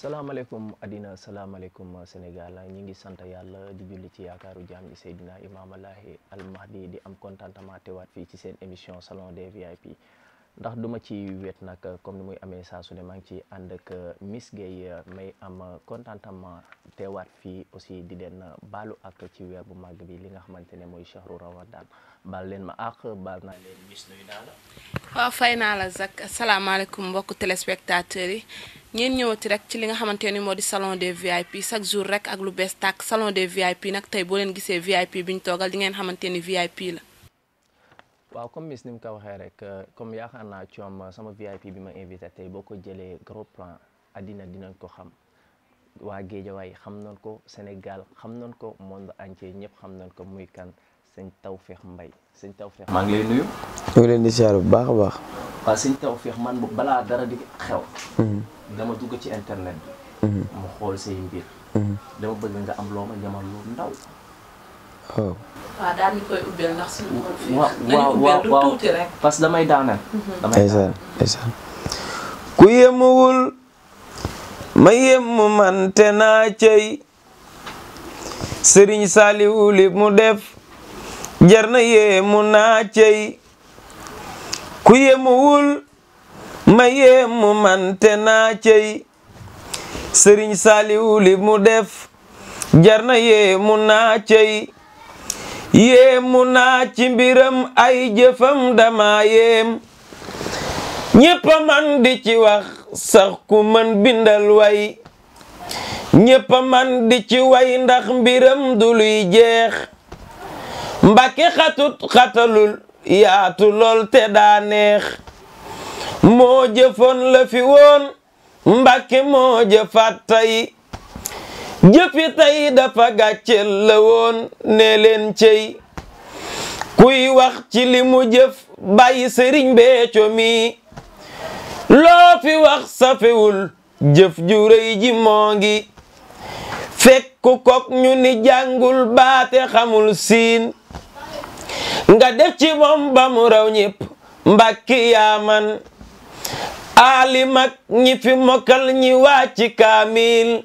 salaamaaleykum addina salaamaaleykum Sénégal ñi ngi sant yàlla di julli ci yaakaaru jaam ñi Seydina Imaamalahi Al Mahdi di am contentement teewaat fii ci seen émission salon des VIP ndax duma ci wet nag comme ni muy amee saa su ne maa ngi ci ànd ak euh, Miss Guèye euh, may am euh, contentement teewaat fii aussi di leen baalu ak ci weer bu màgg bi li nga xamante ne mooy shahru ramadan bal leen ma àq bal naa leen Miss nuyu naa la fay naa la Zak asalaamaaleykum mbokk téléspectateurs yi ngeen ñëwati rek ci li nga xamante ni moo di salon de VIP chaque jour rek ak lu bees tàkk salon des VIP nag tey boo leen gisee VIP bi ñu toogal di ngeen xamante ni VIP la waaw comme Miss ni mu ko waxee rek euh, comme yaakaar naa coom euh, sama VIP bi ma invité tey boo ko jëlee gros plan àddina dinañ ko xam waa Géejawaay xam nañ ko Sénégal xam nañ ko monde entier ñëpp xam nañ ko muy kan sëñ Tawfeex Mbay sëñ Tawfeex maa ngi lay nuyu. ñu bu baax a baax. waaw sëñ Tawfeex man balaa dara di xew. Mhm. dama dugg ci internet bi. Mhm. mu xool say mbir. Mhm. dama bëgg nga am loo ma ñamal lu ndaw. Oh. waaw daal ñu que damay daaneel. Mhm. ma yemm man te naa cey sëriñ Saliou li mu def jar na yemmu naa cey ku ma yemm man te naa cey sëriñ Saliou mu def jar na yemmu yéemu naa ci biram ay jëfam dama yéem ñépp a man di ci wax sax ku mën bindal way ñépp a man di ci way ndax mbiram du luy jeex mbàkke xatut xatalul yaatu lool te daa neex moo jëfoon la fi woon mbàkke moo jëfaat tey jëfi tey dafa gàcceel la woon ne leen cey kuy wax ci li mu jëf bàyyi sëriñ Béthio mi loo fi wax safewul jëf ju rëy ji moo ngi fekk kook ñu ni jàngul baate xamul siin nga def ci moom ba mu raw ñëpp mbàkki yaa man aalimak ñi fi mokkal ñi wàcci kaamil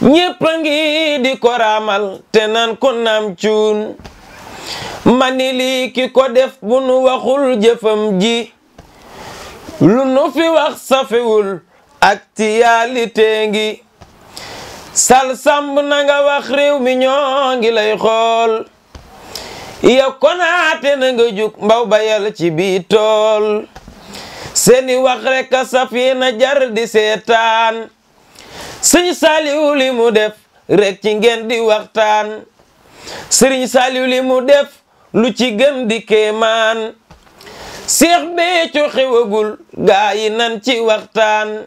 ñépp a ngi di ko raamal te naan ko naam cuun mani lii ki ko def bu nu waxul jëfam ji lu nu fi wax safewul actualité ngi sal samb na nga wax réew mi ñoo ngi lay xool ya konaate na nga jug mbaw bayal ci bii tool seeni wax rek a saf yéen jar di seetaan sëñ Saliou mu def rek ci ngeen di waxtaan sëriñ Saliou mu def lu ci gën di kéemaan seex beeco xewagul gaa yi nan ci waxtaan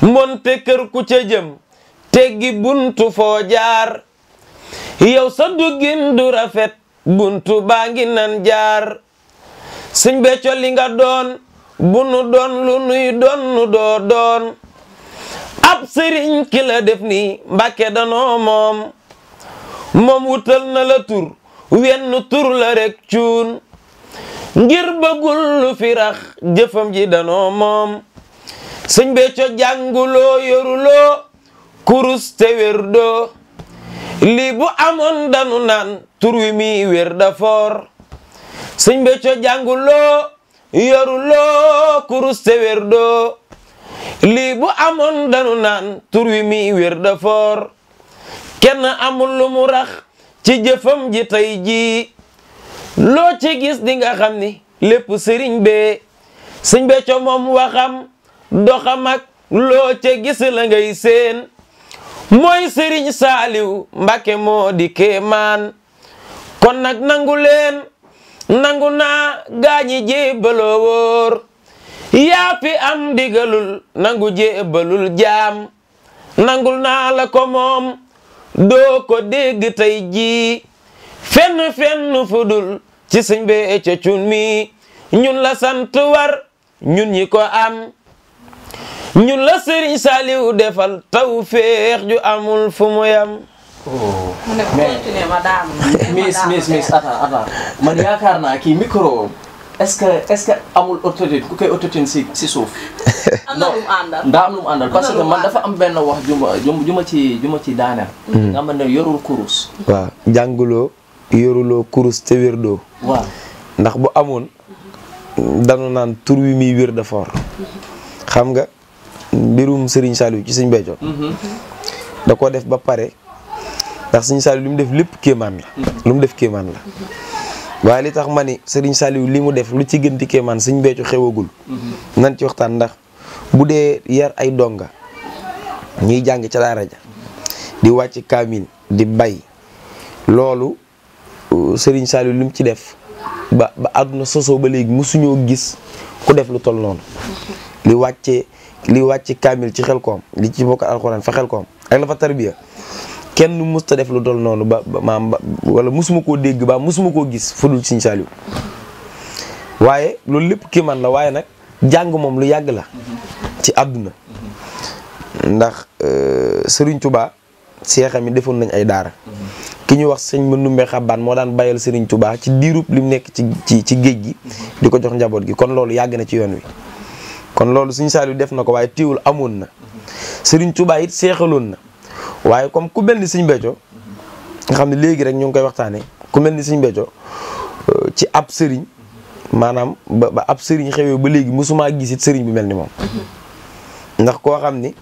mbonte kër ku ca jëm teggi buntu foo jaar yow sa duggin du rafet buntu baa ngi nan jaar sëñ beeco li nga doon bunu doon lu nuy doon nu doo doon ab sëriñ ki la def nii mbàkke danoo moom moom na la tur wenn tur la rek cuun ngir bëggul lu fi rax jëfam ji danoo moom sëñ Béthio jànguloo yoruloo kurus te wér doo lii bu amoon danu naan tur wi mi wér dafoor sëñ Béthio jànguloo yoruloo kurus te wér doo lii bu amoon danu naan tur wi mi wér da foor kenn amul lu mu rax ci jëfam ji tey jii loo ci gis di nga xam ni lépp sëriñ bee sëñ becco moom waxam doxam ak loo ca gis la ngay seen mooy sëriñ saaliw mbake moo di kéemaan kon nag nangu leen nangu naa gaañi jébaloo wóor yaa fi am digalul nangu jéebalul jaam nangul naa la ko moom doo ko dégg tey jii fenn fenn fudul ci sëñ bee ca mi ñun la sant war ñun ñi ko am ñun la sëriñ Saliou defal taw féex ju amul fu mu yam oh. mu ne continué ma daam est-ce que est-ce amul autotune ku koy autotune si si suuf. am am lu mu àndal parce que man dafa am benn wax ju ma ju ma ci ju ma ci daaneel. Mm. nga xam ne yorul kurus. jànguloo yoruloo kurus te wérdoo. waaw ndax bu amoon danu naan tur wi muy wér de fort xam nga mbirum Serigne Saliou ci Serigne Béthio. Mm-hmm. da ko def ba pare ndax Serigne Saliou lu mu def lépp kéemaan la. Mm-hmm. lu mu def kéemaan la. Mm-hmm. waaye li tax ma ni Serigne Saliou li mu def lu ci gën di kéemaan suñ beccu xewagul mhm. nan ci waxtaan ndax bu dee yar ay donga ñuy jàng ca daara ja di wàcc kaamil di bay loolu euh, sëriñ Saliou li mu ci def ba ba àdduna sosoo ba léegi mosuñoo gis ku def lu toll noonu mhm. li wàccee li wàcc kaamil ci xel koom li ci bokk alxuraan fa xel koom ak la fa tarbiya kenn musta def lu dol noonu ba maam ba wala musuma koo dégg baa musuma koo gis fudul Sëñ Saaliw waaye loolu lépp kii man la waaye nag jàng moom lu yàgg la ci àdduna ndax euh, sëriñ tubaa seexam yi defoon nañ ay daara ki ñu wax sëñ Mandumbe Xabaan moo daan bayal Serigne Touba ci diirub li nekk ci ci ci géej gi di ko jox njaboot gi kon loolu yàgg na ci yoon wi kon loolu Sëñ Saaliw def na ko waaye téewul amoon na sëriñ tubaa it seexaloon na waaye comme ku mel ni Sëñ Béthio nga xam ne léegi rek ñu ngi koy waxtaanee ku mel ni Sëñ Béthio euh, ci ab sëriñ maanaam ba ab sëriñ xewee ba léegi mosumaa gis it sëriñ bu mel ni moom ndax koo xam ni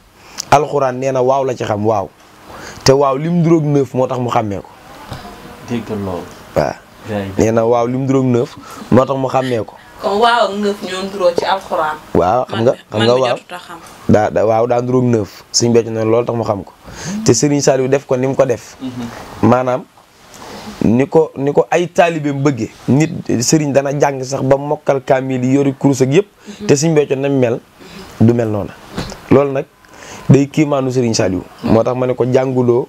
alxuraan nee na waaw la ci xam waaw te waaw lim duróog neuf moo tax mu xàmmee ko. dégg waaw nee na waaw lim duróog neuf moo tax mu xàmmee ko. comme waaw ak neuf waaw xam nga xam nga waaw daa daa waaw daa nduróog neuf suñ becc noonu loolu tax mu xam ko. te Serigne Saliou def ko ni mu ko def. Mhm. maanaam ni ko ni ko ay taalibeem bëggee. nit Serigne dana jàng sax ba mokkal kaamil yi yori kurus ak yëpp. Mhm. te suñ becc nañ mel du mel noonu. loolu nag day kiimaanu sëriñ Saliou. Mhm. moo tax ma ne ko jànguloo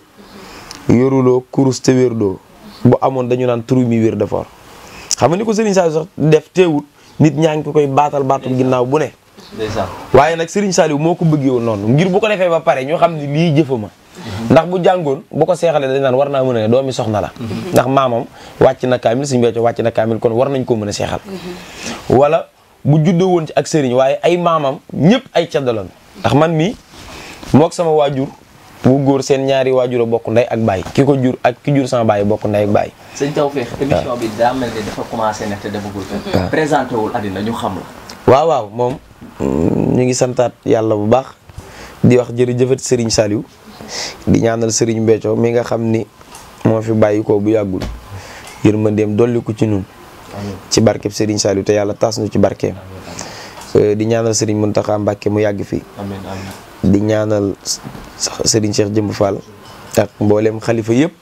yoruloo kurus te wérdoo bu amoon dañu naan turu mi wér de fort xam nga ni ko Serigne Saliou sax def teewut. nit ñaa ngi ko koy baatal baatal ginnaaw bu ne. waaye nag Serigne Saliou moo ko bëggee woon noonu ngir bu ko defee ba pare ñoo xam ne lii jëfama mhm. ndax bu jàngoon bu ko seexalee dañ naan war naa mën a ne doomi soxna la mhm. ndax maamam wàcc na kaamil suñu becco wàcc na kaamil kon war nañ ko mën a seexal mhm. wala bu juddoo woon ci ak sëriñ waaye ay maamam ñëpp ay caddaloon ndax man mii mook sama waajur bu góor seen ñaari waajur a bokk ndey ak baay ki ko jur ak ki jur sama baay bokk ndey ak baay. sëñ Tawfekh émission bi daa mel ni dafa commencé nekk te demagul fenn. ñu xam la. waaw waaw moom mm, ñu ngi santaat yàlla bu baax di wax jërëjëfat Serigne Saliou di ñaanal Serigne Mbecco mi nga xam ni moo fi bàyyi ko bu yàggul yërmandeem dolli ko ci ñun. ci barkeem Serigne Saliou te yàlla taas ñu ci barkeem. Euh, di ñaanal Serigne Mountakha Mbacké mu yàgg fii. amiin di ñaanal sëriñ Cheikh Jëmb Fall ak mbooleem xalifa yëpp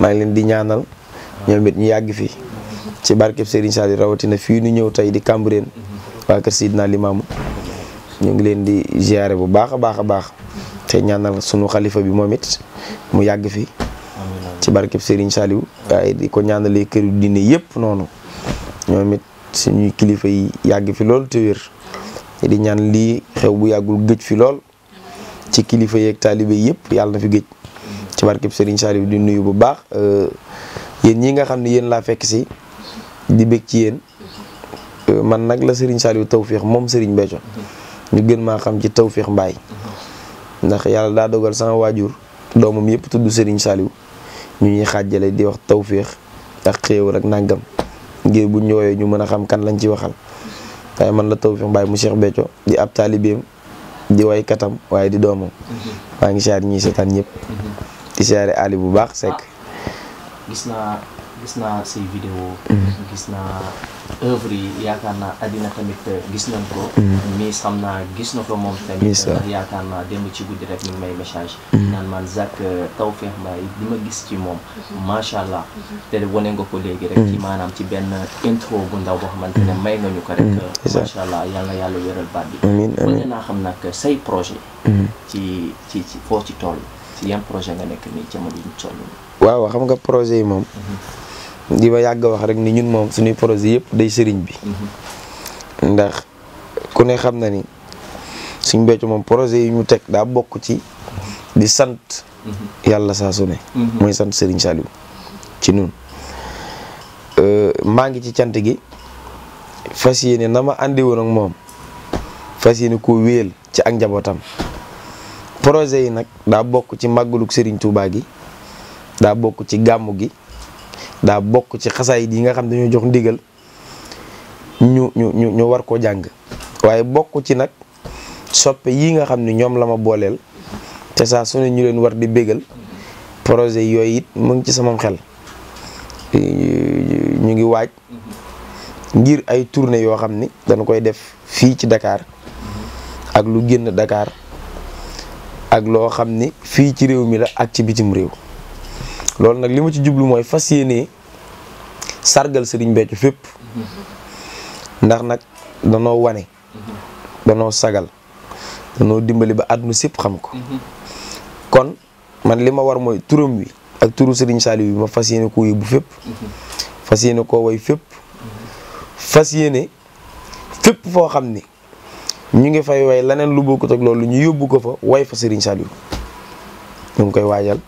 maa ngi leen di ñaanal ñoom ñu yàgg fi ci barkeb sëriñ Saliou rawatina fii nu ñëw tey di Cambérène waa kër Sidna Limaamu ñu ngi leen di ziare bu baax a baax a baax te ñaanal sunu xalifa bi moom it mu yàgg fi ci barkeb sëriñ Saliou waaye di ko ñaanalee këru diine yëpp noonu ñoom it suñuy kilifa yi yàgg fi loolu te di ñaan li xew bu yagul gëj fi lool ci kilifa yeeg talibé yépp yalla na fi gëj ci Serigne salif di nuyu bu baax euh, yeen ñi nga xamni yeen la fekk ci di bég ci euh man nak la Serigne salif tawfiq mom Serigne Béthio ñu gën ma xam ci tawfiq mbaay ndax yalla da dogal sama wajur domum yépp tuddu Serigne salif ñu ñi xajjalé di wax tawfiq ak xéewal rek nangam ngir bu ñu ñu mëna xam kan lañ ci waxal. waaye man la Tawfekh Mbaye mu Cheikh Béthio di ab taalibeem di way katam waaye di doomam maa ngi siyaar ñii seetaan ñëpp di siyaare Ali bu baax sekk ah, gis naa gis naa say vidéo mm-hmm. gis naa œuvre yi yaakaar naa àddina tamit euh, gis nañ ko. mais mm. xam naa gis na ko moom tamit. yaakaar naa démb ci guddi rek ñu may message. Mm. naan man taw euh, Tawfekh Mbaye li ma gis ci moom. Mm-hmm. macha allah mm-hmm. te wane nga ko léegi rek. ci mm. maanaam ci benn euh, intro bu ndaw boo xamante ne may nga ñu ko rek. macha allah yal na yàlla wéral baat bi. amiin naa xam nag say projet. ci ci ci foo ci toll. ci yan projet nga nekk nii jamono ma ñu toll. waaw xam nga projet yi moom. Mm-hmm. di ma yàgg wax rek ni ñun moom suñuy projet yëpp day sëriñ bi. ndax ku ne xam na ni suñ beccu moom projet yi ñu teg daa bokk ci di sant. yàlla saa su mooy sant Serigne Saliou ci nun maa ngi ci cant gi fas yéene na ma àndi woon ak moom fas yéene ko wéel ci ak njabootam projet yi nag daa bokk ci màggalug sëriñ Touba gi daa bokk ci gàmmu gi. daa bokk ci xasaayid yi nga xam dañoo jox ndiggal ñu ñu ñu ñu war ko jàng waaye bokk ci nag soppe yi nga xam ni ñoom la ma booleel te saa su ne ñu leen war di bégal projet yooyu it mu ngi ci samam xel ñu ngi waaj ngir ay tournée yoo xam ni dañu koy def fii ci dakaar ak lu génn dakaar ak loo xam ni fii ci réew mi la ak ci bitim réew loolu nag li ma ci jublu mooy fas yéenee sargal sëriñ Béthio fépp ndax nag danoo wane danoo sagal danoo dimbali ba àdduna sépp xam ko kon man li ma war mooy turam wi ak turu sëriñ Saliou bi ma fas yéene koo yóbbu fépp fas yéene woy fépp fas yéene fépp foo xam ni ñu ngi fay way leneen lu bokkut ak loolu ñu yóbbu ko fa way fa sëriñ Saliou ñu ngi koy waajal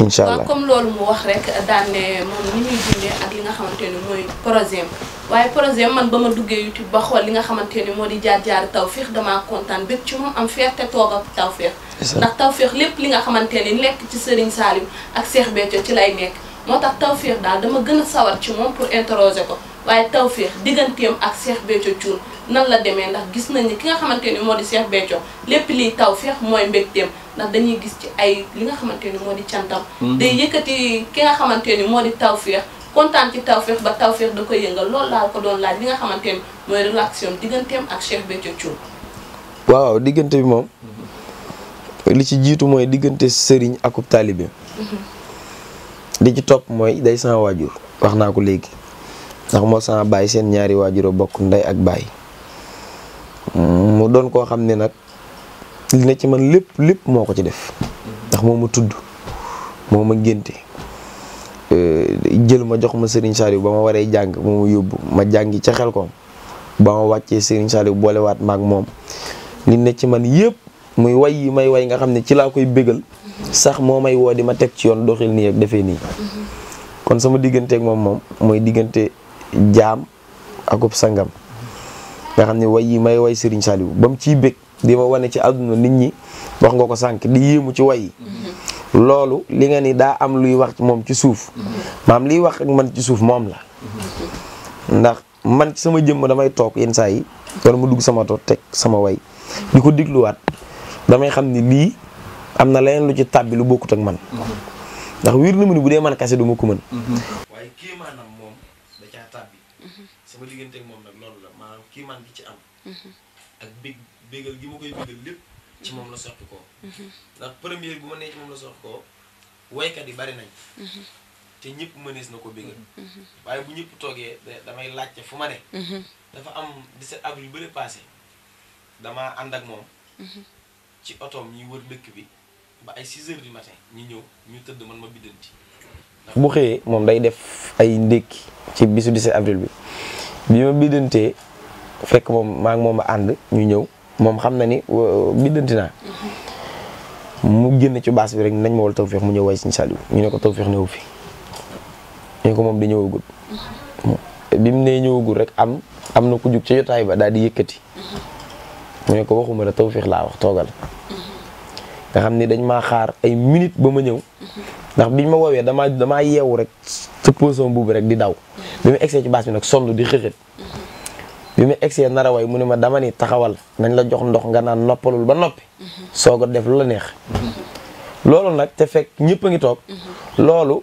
incha comme loolu mu wax rek daan ne moom ni muy dundee ak li nga xamante ni mooy projet waaye projet man ba ma duggee YouTube ba xool li nga xamante ni moo di jaar jaar Tawfekh damaa kontaan bépp am fierté toog ak Tawfekh ndax Tawfekh lépp li nga xamante ni nekk ci Serigne Salim ak Cheikh Béthio ci lay nekk moo tax Tawfekh daal dama gën a sawar ci moom pour interroger ko waaye Tawfekh digganteem ak Cheikh Béthio Thioune nan la demee ndax gis nañ ni ki nga xamante ni moo di Cheikh Béthio lépp liy Tawfekh mooy mbégteem ndax dañuy gis ci ay li nga xamante ni moo di cantam mhm. day yëkkati ki nga xamante ni moo di tawféex kontaan ci tawféex ba tawféex da koy yëngal loolu laa ko doon laaj li nga xamante ni mooy relation digganteem ak Cheikh Béthio Thioune waaw diggante bi moom mhm. li ci jiitu mooy diggante sëriñ akub taalibe di mhm. ci topp mooy day sama waajur wax naa ko léegi ndax moo sama bàyyi seen ñaari waajur bokk ndey ak bàyyi mu doon koo xam ne nag li ne ci man lépp lépp moo ko ci def ndax moo ma tudd moo ma ngénte euh, jël ma jox ma sëriñ Saliou ba ma waree jàng moo ma yóbbu ma jàngi ca xel ko ba ma wàccee sëriñ Serigne Saliou boolewaat maag moom li ne ci man yëpp muy way yi may way nga xam ne ci laa koy bégal sax moo may woo di ma teg ci yoon doxil nii ak defee nii kon sama digganteeg moom moom mooy diggante jaam akub sangam nga xam ne way yi may way Serigne Saliou ba mu ciy bég di ma wane ci aduna nit ñi wax nga ko sank di yéemu ci way lolu li nga ni da am luy wax mom ci suuf maam li wax ak man ci suuf mom la ndax man ci sama jëm damay tok yeen say yi wala mu dugg sama to tek sama way di diglu wat damay xam ni lii am na lu ci tabbi lu bokut ak man ndax wir na mu ni bu dee man kasse du ma ko mën waaye kii maanaam mom da ca tabbi sama diggante ak mom nak lolu la manam ki man gi ci am mhm. ak big bégal gi ma koy bégal lépp ci moom la soqi ko mhm. ndax première bu ma nee yi bari nañ mhm. te ñëpp mënees na ko bégal mhm. waaye bu ñëpp toogee damay laajte fu ma ne dafa am 17 avril bële passé dama ànd ak moom ci otoom ñuy wër dëkk bi ba ay 6 heures du matin ñu ñëw ñu tëdd man ma biddanti bu xëyee moom day def ay ndékki ci bisu 17 avril bi bi ma biddantee fekk moom maa ngi moom a ànd ñu ñëw moom xam na ni biddanti naa mu génn ci baas bi rek nañ ma wal Tawfekh mu ñëw way Sëñ Saliou ñu ne ko Tawfekh ñëw fi ñu ne ko moom di ñëwagul bi mu nee ñëwagul rek am am na ku jug ca jotaay ba daal di yëkkati mu ne ko waxuma la Tawfekh laa wax toogal nga xam ni dañ ma xaar ay minute ba ma ñëw ndax biñ ma woowee dama damaa yeewu rek sa position boobu rek di daw bi mu egsee ci baas bi nag sonn di xëxët bi mu egsee nar way mu ma dama ni taxawal nañ la jox ndox nga nan noppalul ba noppi sogo def lu la neex lolu nak te fek ñepp ngi tok lolu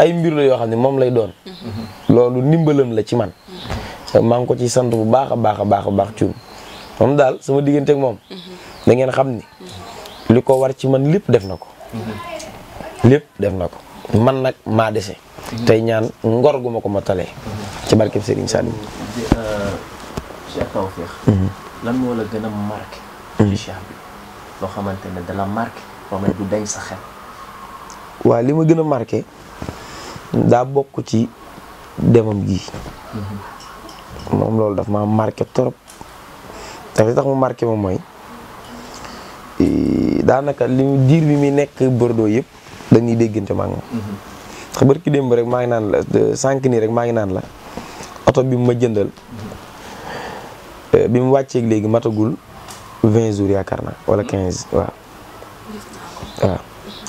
ay mbir la yo xamni mom lay doon lolu nimbeulam la ci man ma ngi ko ci sant bu baaxa baaxa baaxa baax a mom dal sama digënté ak mom da ngeen xamni liko war ci man lepp def nako lip def nako man nak ma dese tay ñaan ngor gu mako ma talé ci Serigne salim Cheikh mhm. moo la gën a marqué ci mhm. Cheikh loo xamante ne dala marqué ba may du dañ sa xel waaw li ma gën a marke daa bokk ci demam gi mhm. moom loolu daf ma marqué trop daf tax mu marqué ma mooy daanaka li mu diir bi muy nekk Bordeaux yëpp dañuy déggante maa ngi ki démb rek maa ngi naan la sànq nii rek maa ngi naan la oto bi mu ma jëndal Euh, bi mu wàcceeg léegi matagul vingt jour yaakaar naa wala hmm. quinze waaw. waaw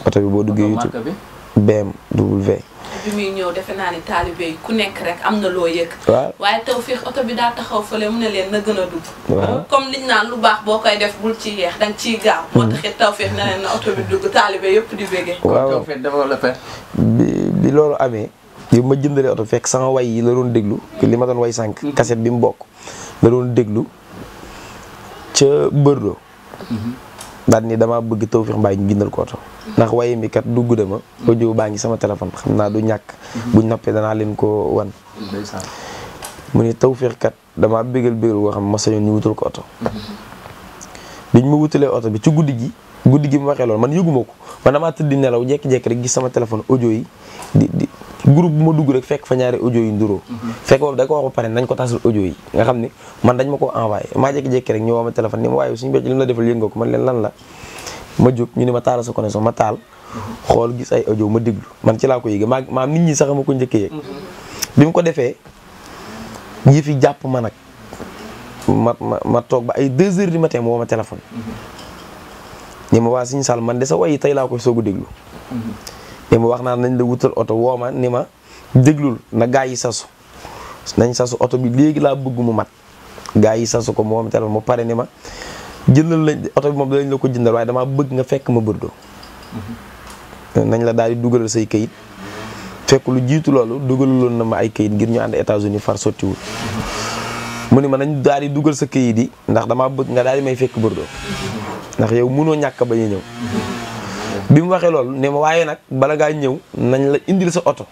oto bi boo duggee YouTube BM W. bi muy ñëw defe naa ni taalibe ku nekk rek am na loo yëg. waaw waaye taw oto bi daa taxaw fële leen na gën a dugg. comme liñ naan lu baax boo koy def bul ci yeex danga ciy gaaw. Hmm. moo taxit taw féex leen na oto bi dugg taalibe yëpp di bëggee. bi loolu amee. yow ma jëndalee oto fekk sama way yi la doon déglu. li ma doon way sànq. kaset hmm. bi mu bokk. la déglu ca Bordeaux. Mhm. daal ni damaa bëgg Tawfekh Mbaye ñu bindal ko oto ndax waye mi kat dugg de ma audio baa ngi sama téléphone xam naa du ñàkk. Mhm. bu noppee danaa leen ko wan. mu ni Tawfekh kat damaa bégal bégal boo xam ma sañoon ñu wutal ko oto. Mhm. biñ ma wutalee oto bi ci guddi gi guddi gi mu waxee loolu man yëguma ko man damaa tëdd nelaw jékki-jékki rek gis sama téléphone audio yi groupe bu ma dugg rek fekk fa ñaari ojo yi nduroo fekk boobu da ko wax ba pare nañ ko tasal ojo yi nga xam ne man dañ ma ko envoyé maa jékki-jékki rek ñu woo ma téléphone ni ma waaye suñu becc li man ma jóg ñu ne ma taal sa connexion ma taal xool gis ay audio ma déglu man ci laa ko yëg maa nit ñi sax ma ko njëkkee yëg bi ko defee ñi fi jàpp ma nag ma ma ma toog ba ay 2 heures du matin mu woo ma téléphone ni ma man de sa way tey laa koy soog a déglu li ma wax naa nañ la wutal oto woo ma ni ma déglul na gaa yi sasu nañ sasu oto bi léegi laa bëgg mu mat gaa yi sasu ko moom téléphone mu pare ni ma jëndal lañ oto bi moom dalañ la ko jëndal waaye damaa bëgg nga fekk ma bërdo mm-hmm. nañ la daal di dugalal say kayit fekk lu jiitu loolu dugaloon na ma ay kayit ngir ñu ànd États-Unis far sottiwul mm-hmm. mu ni ma nañ daal di dugal sa kayit yi ndax damaa bëgg nga daal di may fekk bërdo mm-hmm. ndax yow mënoo ñàkk ba ñu ñëw bimu waxe lol ne ma waye nak bala ga ñew nañ la indil sa auto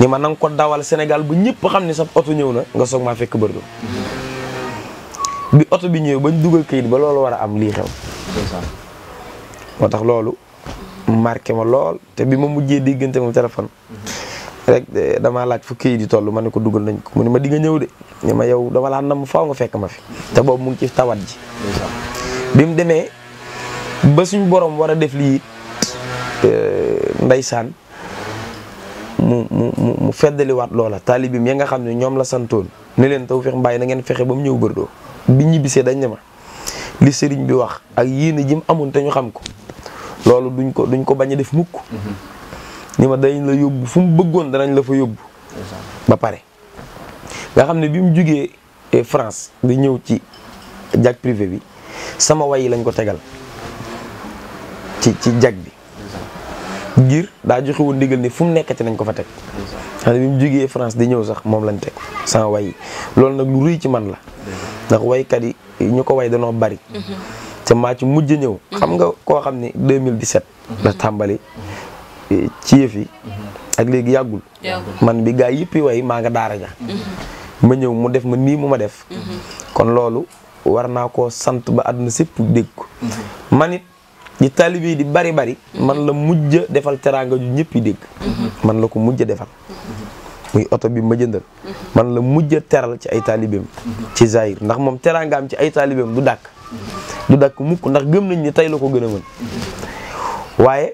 ni ma nang ko dawal senegal bu ñepp xamni sa auto ñew na nga sok ma fekk Bordeaux bi auto bi ñew bañ duggal kayit ba lolou wara am li xew motax lolou marqué ma lol te bima mujjé digënté mo téléphone rek dama laaj fu kayit di tollu mané ko duggal nañ ko mune ma di nga ñew de ni ma yow dama la nam faaw nga fekk ma fi te bobu mu ngi ci tawat ji bimu démé ba suñu borom wara def li Euh, ndaysan mu mu mu mu wat lola. talibim ya nga xamni ñom la santoon ne len tawfik mbay na ngeen fexé bam ñew ñëw Bordeaux bi ñibbisee dañ ne li serigne bi wax ak yéene jim amun te ñu xam ko lolu duñ ko duñ ko bañ def mukk mm-hmm. ni ma dañ la yobbu fu mu bëggoon dañ la fa yobbu ba paré nga xamni bi mu eh, France di ñew ci jak privé bi sama way lañ ko tégal ci ci jak bi ngir daa joxe woon ndigal ni fu mu nekkati nañ ko fa teg. xam bi mu jógee France di ñëw sax moom lañ teg sans way yi loolu nag lu rëy ci man la. ndax waykat yi ñu ko way danoo bari. te maa ci mujj ñëw. xam nga koo xam ne 2017. la tàmbali ci yëf yi. ak léegi yàggul. man bi gaa yëpp way maa nga daara ja ma ñëw mu def ma nii mu ma def. Mhm. kon loolu war naa ko sant ba àdduna sépp dégg ko. Mhm. man it li taalibe di bari bari man la mujj defal teraanga ju ñëpp yi dégg man la ko mujj defal muy oto bi ma jëndal man la mujj teral ci ay taalibeem ci zahir ndax moom teraangaam ci ay taalibeem du dàkk du dàkk mukk ndax gëm nañ ni tey la ko gën a mën waaye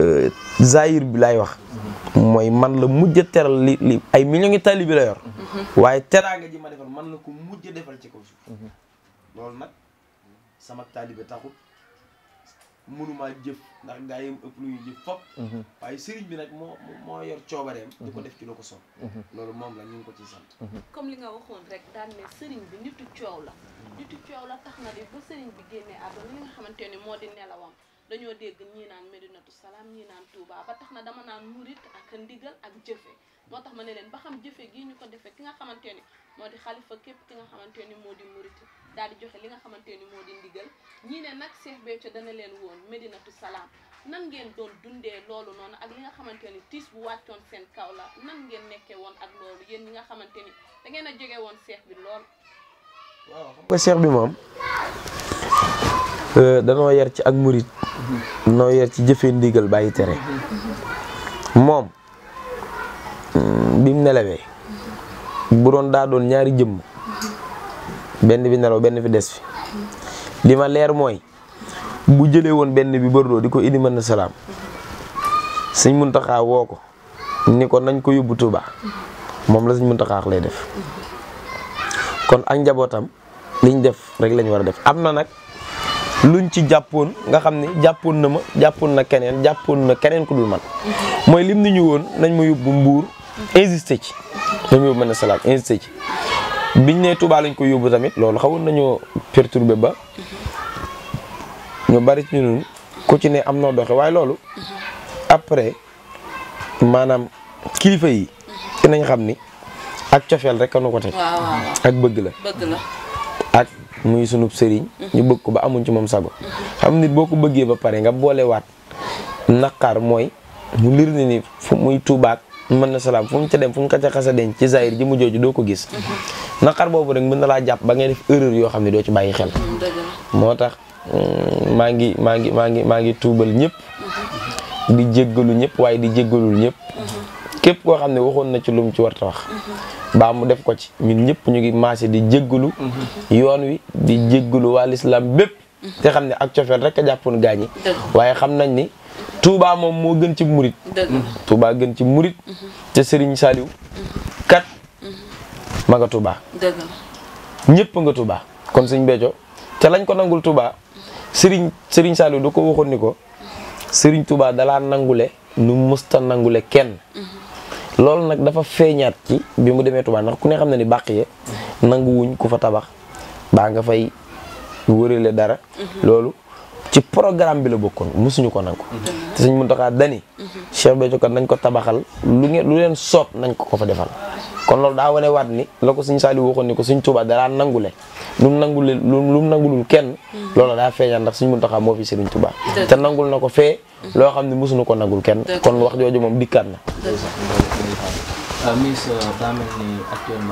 euh, zahir bi laay wax mooy man la mujj teral li li ay millions ngi taalibe la yor waaye teraanga ji ma defal man la ko mujj defal ci kaw suuf loolu nag sama taalibe taxul mënumaa jëf ndax gaa yi ëpp lu jëf fop mhm. waaye sëriñ bi nag moo moo yor coobareem di ko mhm. def ci loo ko soog mhm. loolu moom la ñu ngi ko ciy sant comme li nga waxoon rek daan ne sëriñ bi nitu coow la nitu coow la tax na di ba sëriñ bi génnee àdduna li nga xamante ni moo di nelawam dañoo dégg ñii naan medinatu salaam ñii naan tuuba ba tax na dama naan murit ak ndigal ak jëfe moo tax ma ne leen ba xam jëfe gii ñu ko defee ki nga xamante ni moo di xalifa képp ki nga xamante ni moo di murit daal di joxe li nga xamante ni moo di ndigal ñii ne nag seex becco dana leen woon medinatu salaam nan ngeen doon dundee loolu noonu ak li nga xamante ni tiis bu wàccoon seen kaw la nan ngeen nekkee woon ak loolu yéen ñi nga xamante ni da ngeen a jóge woon seex bi lool waaw xam nga seex bi moom euh, yar ci ak murit noo yar ci jëfee ndigal bàyyi tere moom bi mu nelawee bu doon daa doon ñaari jëmm benn bi nelaw benn fi des fi li ma leer mooy bu jëlee woon benn bi bërloo di ko indi mën na salaam sëñ Muntaxa woo ko ni ko nañ ko yóbbu Tuuba moom la sëñ Muntaxa lay def kon ak njabootam liñ def rek lañ war a def am na nag luñ ci jàppoon nga xam ni jàppoon na ma jàppoon na keneen jàppoon na keneen ku dul man mooy lim ni ñu woon nañ ma yóbbu mbuur insisté ci mën a salaam insisté ci biñ ne Touba lañ ko yóbbu tamit loolu xawoon nañoo perturbé ba ñu bari ci ñun ku ci ne am noo doxe waaye loolu après maanaam kilifa yi nañ xam ni ak cofeel rek kanu ko teg ak bëgg la muy sunub sëriñ ñu bëgg ko ba amuñ ci moom sago xam nit boo ko bëggee ba pare nga boolewaat naqar mooy mu lir ni ni fu muy tuubaak mën na salaam fu mu ca dem fu mu ko ca xasa denc ci zahir ji mu jooju doo ko gis naqar boobu rek mën na laa jàpp ba ngay def erreur yoo xam ne doo ci bàyyi xel moo tax mm, maa ngi maa ngi maa ngi maa ngi tuubal ñëpp di jéggalu ñëpp waaye di jéggalul ñëpp képp koo xam ne waxoon na ci lu mu ci warta mhm. baa mu def ko ci ñun ñëpp ñu ngi maase di jéggalu mhm. yoon wi di jéggalu waa lislaam bépp mhm. ne ak cofeel rek jàppoon gaañi waaye xam nañ ni Touba moom moo gën ci murit Touba gën ci murit te Serigne Saliou kat ma nga Touba ñëpp nga Touba kon sëñ Béthio te lañ ko nangul Touba sëriñ Serigne Saliou du ko waxoon ni ko sëriñ Touba dalaa nangule nu musta nangule kenn loolu nag dafa feeñaat ci bi mu demee Touba ndax ku ne xam na ni bàq ye nanguwuñ ku fa tabax baa nga fay wërale dara mhm. loolu ci programme bi la bokkoon mosuñu ko nangu. Mhm. te suñ Muntaxa dani. Mhm. Cheikh Béthio kat nañ ko tabaxal lu lu leen soob nañ ko ko fa defal. kon loolu daa wane waat ni loo ko suñ Saaliw waxoon ni ko suñ tubaa dalaa nangule lu mu lu lu mu nangulul kenn. Mhm. loolu daa feeñal ndax suñ Muntaxa moo fi Sëriñ Tuubaa. te nangul na ko fee. loo xam ne mosuñu ko nangul kenn. kon wax jooju moom dikkaat na. Euh, euh,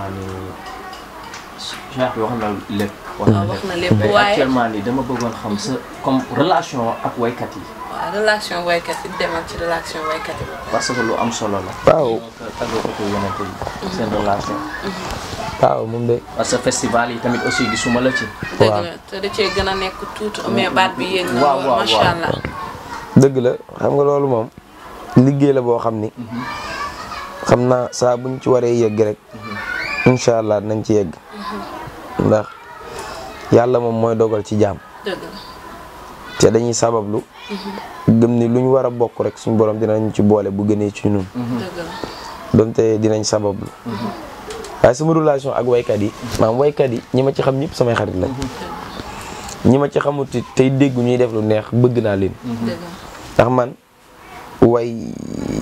Cheikh wax na lépp. Ah, wax na lépp waaye mais xam sa relation ak waykat yi. waykat yi ci relation parce que lu am solo la. waaw mhm. seen mhm. moom de. parce que festival tamit aussi gisuma la ci. dëgg la te da cee gën a nekk tuuti mais dëgg la xam nga loolu moom liggéey la boo xam ni. Mhm. xam naa saa buñ ci waree yegg rek. incha nañ ci yegg. ndax yàlla moom mooy dogal ci jaam te dañuy sabablu mhm. gëm ni lu ñu war a bokk rek suñ borom dinañ ci boole bu gënee ci ñun mhm. te dinañ sabablu mhm. waaye suma relation ak waykat yi maam waykat yi ñi ma ci xam ñëpp samay xarit lañ ñi ma ci xamut tey dégg ñuy def lu neex bëgg naa leen ndax man way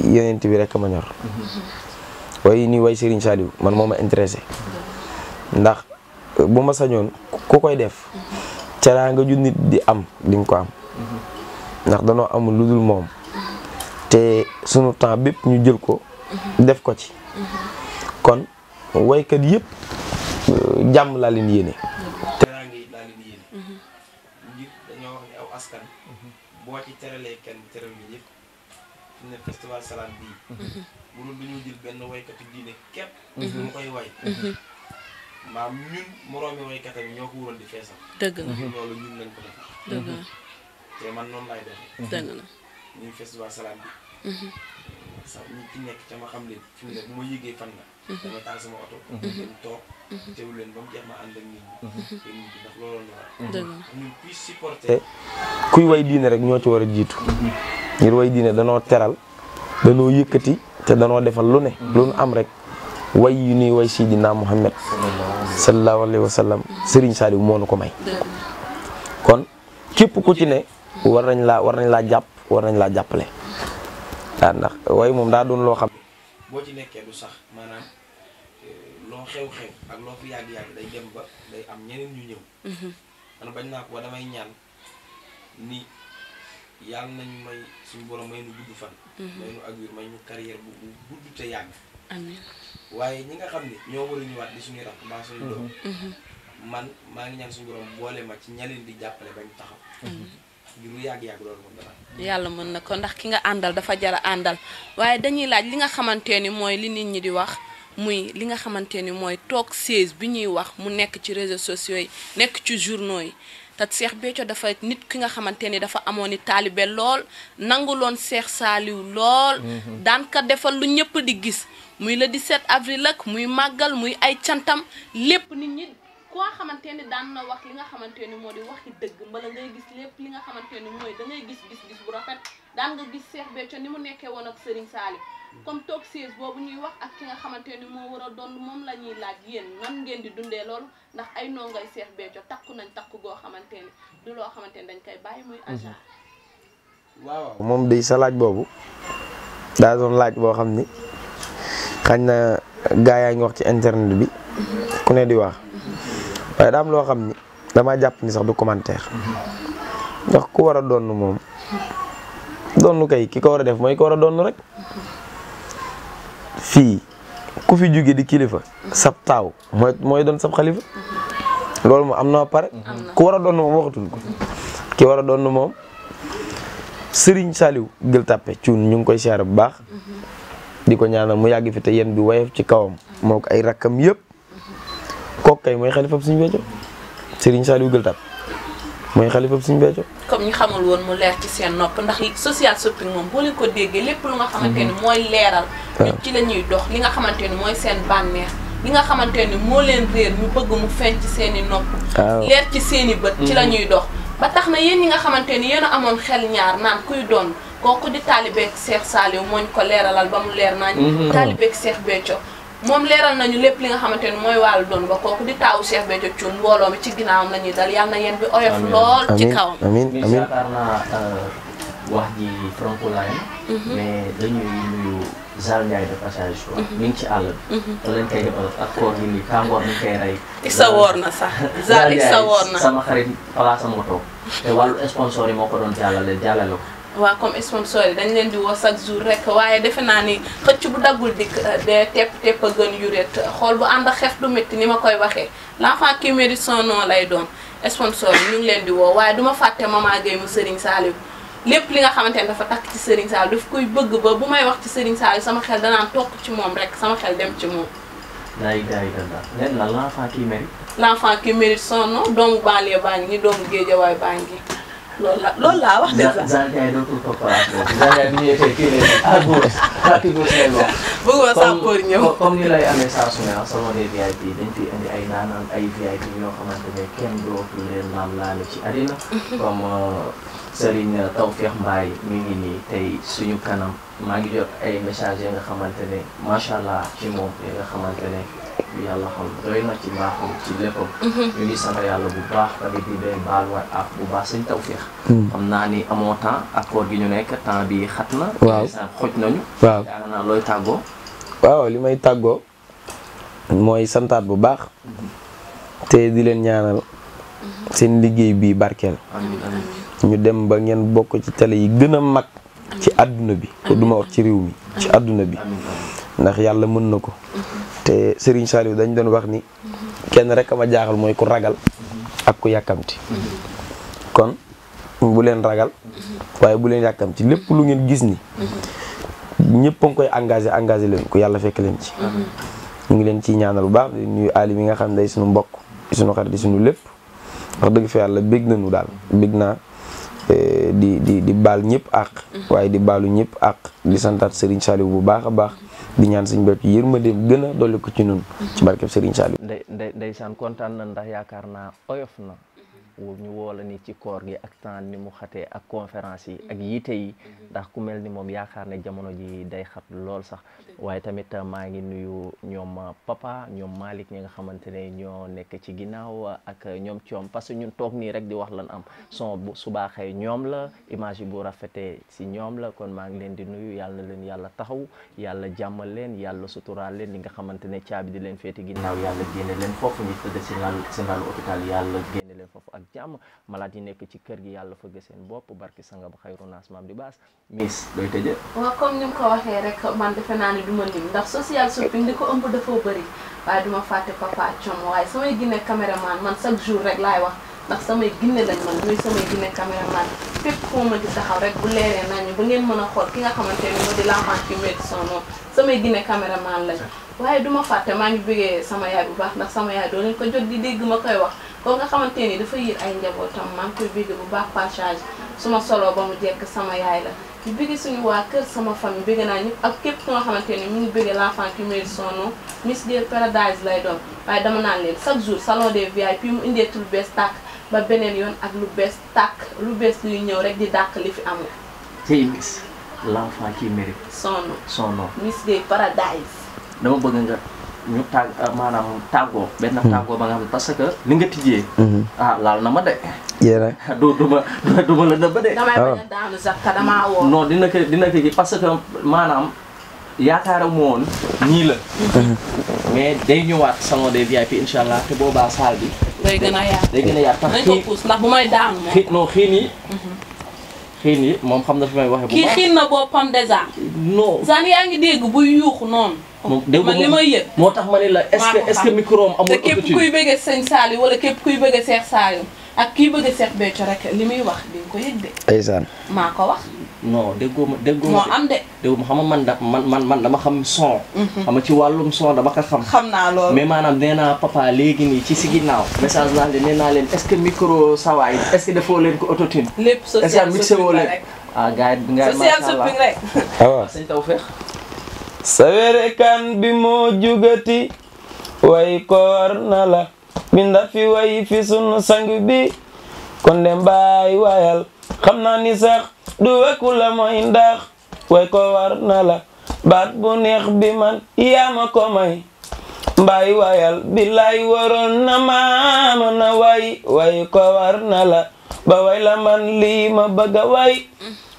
yeneen bi rek ma ñor way ni way Serigne Saliou man moo ma intéressé ndax bu ma sañoon ku koy def teraanga ju nit di am di nga ko am ndax danoo amul lu dul moom te sunu temps bépp ñu jël ko def ko ci kon waykat yëpp euh, jàmm laa leen yéene teraanga yi laa leen yéene ngir dañoo wax aw askan boo ci teralee kenn teral nga ñëpp ne bu mhm. dul mhm. koy way mhm. maam ñun moroomi waykat ñoo ko waral di feesal. dëgg la loolu ñun lañ ko def. te man noonu la ñuy festival salaam bi. Mhm. sax nekk ca xam leen mu ne bu ma mhm. mhm. leen ba mu jeex ma ànd ak kuy way diine rek ñoo ci war a jiitu. ngir way diine danoo teral danoo yëkkati te danoo defal lu ne. lu nu am rek. way yu nuy way Seydina Muhammad sallallahu alayhi wa sallam Serigne Saliou moo nu ko may kon képp ku ci ne war nañ laa war nañ laa jàpp war nañ laa jàppale waaw ndax way moom daa doon loo xam boo ci nekkee du sax maanaam euh, loo xew-xew ak loo fi yàgg-yàgg day dem ba day am ñeneen ñu ñëw mhm. man bañ naa ko ba damay ñaan ni yàlla nañu may suñu borom may nu gudd fan mhm. may nu ak wér may nu carrière bu gudd te yàgg waaye ñi nga xamni ne ñoo war a ñëwaat di suñu rakk mbaa suñu do mhm. man ma ngi ñaan suñu borom boole ma ci ña di jappale bañ taxaw di mhm. lu yag yag loolu mo dara yalla mën na ko ndax ki nga andal dafa jara andal waye dañuy laaj li nga xamanteni moy li nit ñi di wax muy li nga xamanteni moy tok 16 bi ñuy wax mu nekk ci réseaux sociaux nekk ci journaux tat te Cheikh Béthio dafa nit ki nga xamanteni ni dafa amoon talibé taalibe lool nanguloon Cheikh saliw lool mhm. dan ka defal lu ñepp di gis muy la di set avril ak muy màggal muy ay cantam lépp nit ñi koo xamante ni daan na wax li nga xamante ni moo di waxi dëgg mbala ngay gis lépp li nga xamante ni mooy da gis gis bu rafet daan nga gis Cheikh Béthio ni mu nekkee woon ak Serigne saali comme toog siège boobu ñuy wax ak ki nga xamante ni moo war a doon moom la ñuy laaj yéen nan ngeen di dundee loolu ndax ay noongay Cheikh Béthio takku nañ takk goo xamante ni du loo xamante ni dañ koy bàyyi muy mhm. agent waaw moom di sa boobu daa laaj boo xam ni xañ na gaa yaa ngi wax ci internet bi ku ne di wax waaye daam loo xam ni damaa jàpp ni sax du commentaire ndax ku war a donn moom donn kay ki ko war a def mooy ko war a donn rek fii ku fi jóge di kilifa sab taaw mooy mooy doon sab xalifa loolu moom am na pare ku war a donn moom waxatul ko ki war a donn moom Sëriñ Saliou Gueule Tapée Thioune ñu ngi koy siyaare bu baax mhm. di ko ñaanal mu yàgg fi te yéen bi woyof ci kawam moo ko ay rakkam yëpp kooku kay mooy xalifab suñu Béthio Serigne Saliou Gueule Tapée mooy xalifab suñu Béthio comme ñu xamul woon mu leer ci seen nopp ndax social shopping moom boo leen ko déggee lépp lu nga xamante ni mhm. mooy leeral ci la ñuy dox li nga xamante ni mooy seen bànneex li nga xamante ni moo leen réer ñu bëgg mu feeñ ci seen i nopp leer ci seen i bët ci la mhm. ñuy dox ba tax na yéen ñi nga xamante ni yéen a kooku di taalibeeg Cheikh Saliou moo ñu ko leeralal ba mu leer nañu. Mhm. taalibeeg Cheikh Béthio moom leeral nañu lépp li nga xamante ni mooy wàllu doon ba kooku di taawu Cheikh Béthio Thioune mbooloo mi ci ginnaawam la ñuy dal yàlla na yéen bi oyof lool ci kawam amiin amiin amiin yaakaar naa euh, wax ji franco laay mhm. mais dañuy nuyu Zal ñu mhm. ngi ci àll bi. te ak koor gi nii kàngoor ñu koy woor na sax Zal Issa woor na sama xarit place am nga toog te wàllu sponsor yi moo ko doon jàllale jàllale ko. waa comme sponsor yi dañ leen di woo chaque jour rek waaye defe naa ni xëcc bu daggul dikk de tepp tepp a gën yuret xool bu ànd ak xef du métti ni ma koy waxee l'enfant qui mérite son lay doon sponsor yi ñu ngi leen di woo waaye duma fàtte Mama Gueye mu Serigne lépp li nga xamante ne dafa takk ci Serigne Saliou daf koy bëgg ba bu may wax ci Serigne Saliou sama xel danaan toog ci moom rek sama dem ci moom daay daay danda leen la l'enfant qui doomu banlieue baa ngi ni doomu géejawaay baa ngi loolu la loolu laa wax dëgg la Zane Ndiaye dootul papa Zane bi ñëwee tey kii lay à gauche à gauche lay wax. bëgguma Sappoor ñëw comme ni lay amee saa su ne ah salon des dañ fi indi ay naanaan ay VIP yoo xamante ne kenn dootul leen laam laale ci àddina. Mhm. comme euh, Serigne Tawfekh Mbaye mi ngi nii tey suñu kanam maa ngi jot ay messages yi nga xamante ne macha allah ci moom yi nga xamante ne. yàlla xam doy na mhm. yàlla bu baax tamit bu baax sëñ tawféex hmm. xam naa ni amoo temps ak gi ñu nekk temps bi xat na waaw xoj nañu waaw naa looy tàggoo waaw li may tàggoo mooy santaat bu baax mhm. te di leen ñaanal mhm. seen liggéey bi barkeel ñu dem ba ngeen bokk ci télé yi gën a mag ci àdduna bi duma wax ci réew mi ci àdduna bi ndax yàlla mën na ko te Serigne Saliou dañ doon wax ni kenn rek a ma jaaxal mooy ku ragal ak ku yàkkamti kon bu leen ragal waaye bu leen yàkkamti lépp lu ngeen gis ni ñëpp a ngi koy engagé engage leen ko yàlla fekk leen ci ñu ngi leen ciy ñaanal bu baax di nuyu alim nga xam ne day suñu mbokk di suñu xarit di suñu lépp wax dëgg fa yàlla bég nañu daal bég naa eh, di di di baal ñëpp àq mm-hmm. waaye di baalu ñëpp àq di santaat sëriñ Saliou bu baax a baax di ñaan suñu béykat yërmandeem gën a dolli ko ci ñun. ci barkeb Serigne Saliou. day day ndeysaan kontaan na ndax yaakaar naa oyof na ñu woola la ni ci koor gi ak temps ni mu xatee ak conférence yi ak yiite yi ndax ku mel ni moom yaakaar ne jamono ji day xat lool sax waaye tamit maa ngi nuyu ñoom papa ñoom Malick ñi nga xamante ne ñoo nekk ci ginnaaw ak ñoom coom parce que ñun toog nii rek di wax lan am son bu su baaxee ñoom la image bu rafetee si ñoom la kon maa ngi leen di nuyu yàlla na leen yàlla taxaw yàlla jàmmal leen yàlla suturaal leen li nga xamante ne caabi di leen féete ginnaaw yàlla génne leen ñu génne leen foofu ak jàmm malade yi nekk ci kër gi yàlla fëgg seen bopp barki sanga ba xayru naas maam di baas miss looy tëjee comme ni ko waxee rek man defe naa du ma lim ndax social shopping li ko ëmb dafa bëri waaye duma fàtte papa Thion waaye samay ginne caméraman man chaque jour rek laay wax ndax samay ginne lañ man ñuy samay ginne caméraman fépp foo ma di taxaw rek bu leeree nañu bu ngeen mën a xool ki nga xamante ni moo di l'enfant qui mérite son nom samay ginne caméraman lañ waaye duma fàtte maa ngi bëggee sama yaay bu baax ndax sama yaay doo leen ko jot di dégg ma koy wax koo nga xamante ni dafa yër ay njaboot maa ngi koy bëgg bu baax passage suma solo soloo ba mu jekk sama yaay la di bëgg suñu waa kër sama famille bëgg naa ñëpp ak képp ki nga xamante ne mi ngi bëgg l'enfant qui mérite son nom Miss Dear Paradise lay doon waaye dama naan leen chaque jour salon des VIP mu indeetu lu bees tàkk ba beneen yoon ak lu bees tàkk lu bees luy ñëw rek di dàq li fi am tey Miss l'enfant qui mérite. son nom son nom Miss Dear Paradise. dama bëgg nga ñu tàgg maanaam tàggoo. benn tàggoo ba nga xam ne parce que. li nga tijjee. Mm-hmm. ah laal na ma de. yéen a. du du ma du ma la nëbb de. damay ah. a dina ko dina parce que maanaam yaakaara woon ñii la. Mhm. mais day ñëwaat salon des VIP incha te boobaa saal bi. day gën a yaatu ndax bu may daanu moom xii non xii nii. Mhm. moom xam na fi may waxee. bu baax kii xiin na boppam dèjà. non sànni yaa ngi dégg buy yuuxu noonu. moom dégg li may yëg. moo tax ma ne la est-ce que est-ce que micro am amul. opportunité te képp kuy bëgg sëñ Saliou wala ak kii bëgg set seet Béthio rek li muy wax di nga ko yëg de. ndeysaan maa ko wax. non déggoo ma déggoo ma moo am de. déggoo ma xam man da man man man dama xam son. Mhm. xam ci wàllum son dama ko xam. xam naa loolu mais maanaam nee naa papa léegi ci si ginnaaw. message naa leen nee naa est-ce que micro sawaay est-ce que defoo leen ko autotune. lépp social shopping rek ah gars ah bi moo jugati. way koor na la. binda fi way fi sunu sang bi kon dem baay waayal xam naa ni sax du wekku la mooy ndax way ko war na la baat bu neex bi man yaa ma ko may mbaay waayal billaay na maama na way way ko war na la ba way la man lii ma bëgga way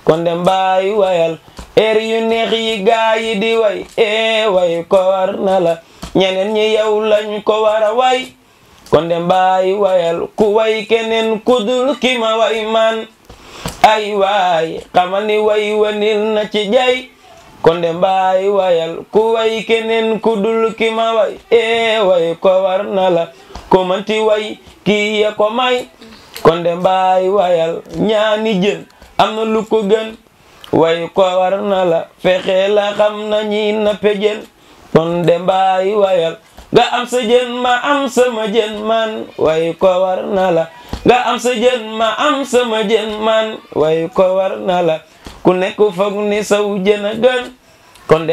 kon dem mbaay waayal eer yu neex yi ga yi di way e way ko war na la ñeneen ñi yow lañ ko war way kon de wayal ku way keneen kudul ki way man ay waay xamal way wanil na ci jay kon de wayal ku way keneen kudul ki way ee way ko war na la ko manti way kii ya may kon de mbaay wayal ñaani jën am na lu ko gën way ko war na la fexe la xam na ñi na pejën kon de wayal nga am sa ma am man way ko war na la sa ma am sama jën man way ko war la ku nekk foog ni saw jën kon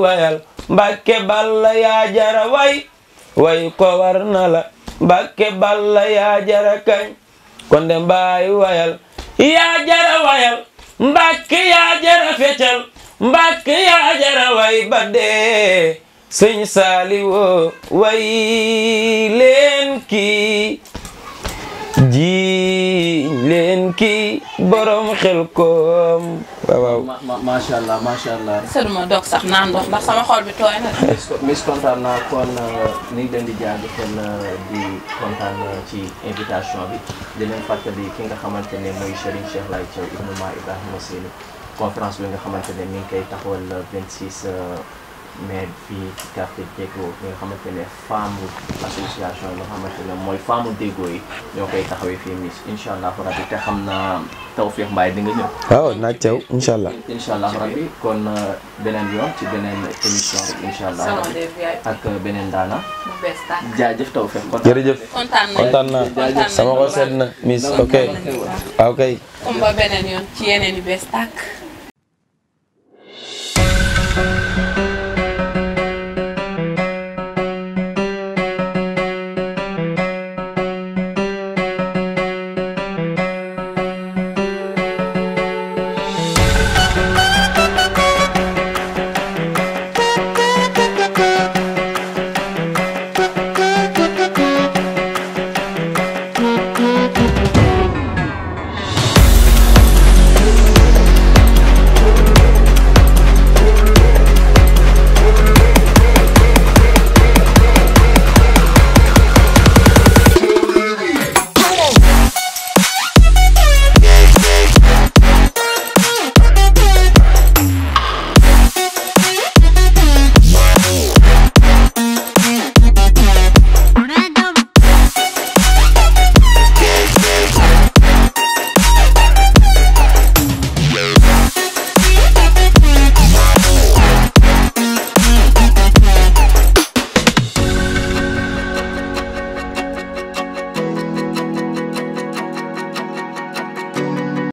wayal mbàkke balla yaa way way ko war na la mbàkke balla yaa jara kañ kon wayal yaa wayal mbàkke yaa jara feccal mbàkke way ba dee sëñ Saaliwu way leen kii ji leen kii borom xel koom. waaw waaw macha allah macha allah. seulement sax naan ndox ndax sama xol bi tooy na. mis kontaan naa kon euh, ni ngi leen di jaajëfal euh, di kontaan euh, ci invitation bi di leen fàttali ki nga xamante ne mooy Serigne Cheikh Laye Thiaw Ibn Ibrahima Seyni conférence bi nga xamante ne mi ngi koy taxawal 26. maire fii ci quartier Jéego nga xamante ne femme association yi nga xamante mooy femme déggoo yi ñoo koy taxawee fii mis incha allah rabbi te xam naa Tawfekh Mbaye di nga ñëw. allah. incha allah rabbi kon euh, beneen yoon ci beneen émission rek incha allah rabbi ak euh, beneen daana. jaajëf Tawfekh kontaan jërëjëf kontaan na sama xol sedd na mis ok waaw ah, kay. beneen yoon ci yeneen yu bees tàkk.